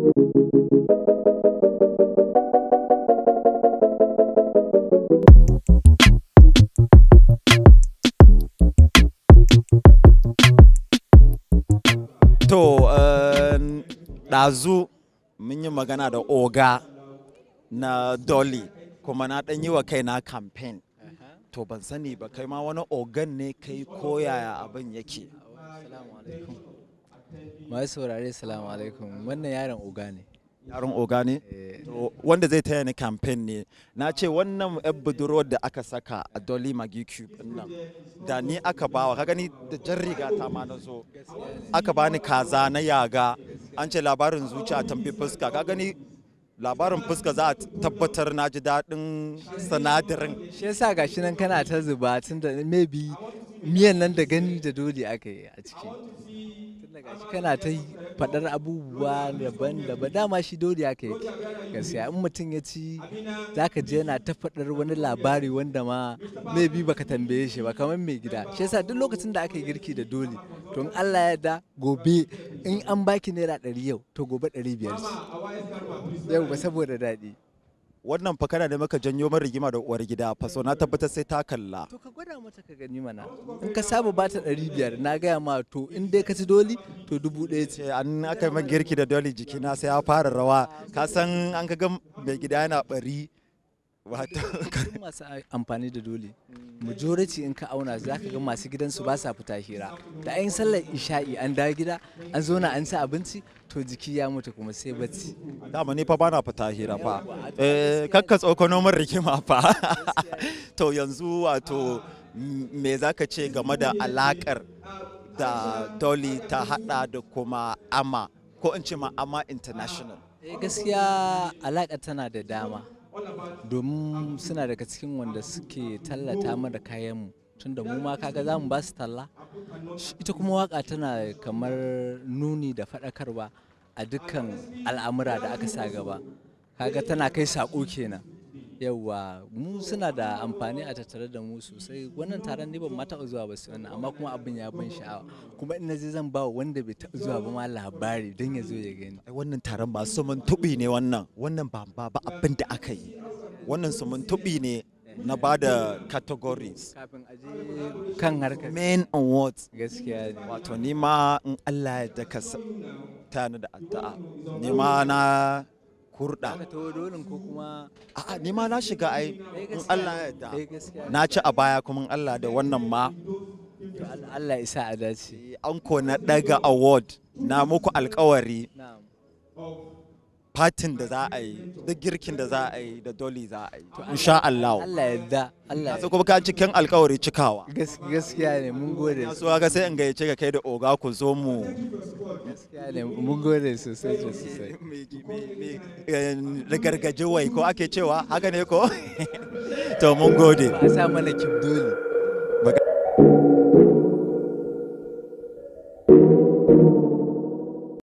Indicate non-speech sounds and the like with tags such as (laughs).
To, eh, ɗazu mun yi magana da oga na Dolly kuma na ɗan yi wa kaina campaign. Uh-huh. To ban sani ba kai ma wani ogan ne kai koyaya abin yake. masu saurare salamu alaikum wannan yaron oga ne yaron oga ne eh. wanda zai taya ni campaign ne na ce wannan yan budurwar da aka saka a dolly magi cube nan da ni aka bawa ka gani da jan riga ta ma na zo aka bani kaza na yaga an ce labarin zuciya tambi fuska ka gani labarin fuska za a tabbatar na ji daɗin sinadarin shi yasa gashi nan kana ta zuba tun da maybe miyan nan da gani da dole aka yi a ciki kana ta faɗar abubuwa daban-daban dama shi dole ya kai gaskiya in mutum ya ci za ka je yana ta faɗar wani labari wanda ma mai bi baka tambaye shi ba kamar mai gida shi yasa duk lokacin da aka yi girki da dole to in Allah ya da gobe in an baki naira ɗari yau to gobe ɗari biyar yau ba saboda daɗi wannan fa kana da maka janyo min rigima da uwar gida fa so na tabbatar sai ta kalla to ka gwada mata ka gani mana in ka saba ba ta 500 na gaya ma to in dai ka ci doli to dubu ce eh, an aka yi girki da doli na sai ya fara rawa ka san an ka ga mai gida yana bari duk masu amfani da dole majority in ka auna za ka ga masu gidansu ba sa fita hira da an sallar isha'i an da gida an zo na an ci abinci to jiki ya mutu kuma sai bacci dama ni fa bana fita hira fa eh kakka tsokono min rikima fa (laughs) to yanzu wato me za ka ce game da alakar da dole ta hada da kuma ama ko in ce ma ama international eh, gaskiya alaƙa tana da dama domin suna daga cikin wanda suke tallata mana kayanmu tunda mu ma kaga za mu ba su talla ita kuma waka tana kamar nuni da faɗakarwa a dukkan al'amura da aka sa gaba kaga tana kai saƙo kenan yawwa mu suna da amfani a tattare da mu sosai wannan taron ne ban ma taɓa zuwa ba sai amma kuma abin ya ban sha'awa kuma ina zai zan ba wanda bai taɓa zuwa ba ma labari don ya zo ya gani wannan taron ba mun tuɓi ne wannan wannan ba ba abin da aka yi wannan mun tuɓi ne na ba da categories kafin aje kan harkar Main awards gaskiya ne wato ni ma in Allah ya ka tana da addu'a ni ma na hurɗa a'a ni ma na shiga ai in Allah yarda na ci a baya kuma in Allah da wannan ma Allah ya sa a dace an ko na daga award na muku alkawari fatin da za a yi da girkin da za a yi da doli za a yi to insha Allah Allah ya yadda Allah ya kuma ka cikin alƙawari cikawa gaskiya ne mun gode so ga sai in gayyace ka kai da oga ku zo mu gaskiya ne mun gode sosai sosai da (laughs) eh, gargaje wai ko ake cewa haka ne ko (laughs) to mun gode a sa mana kibdoli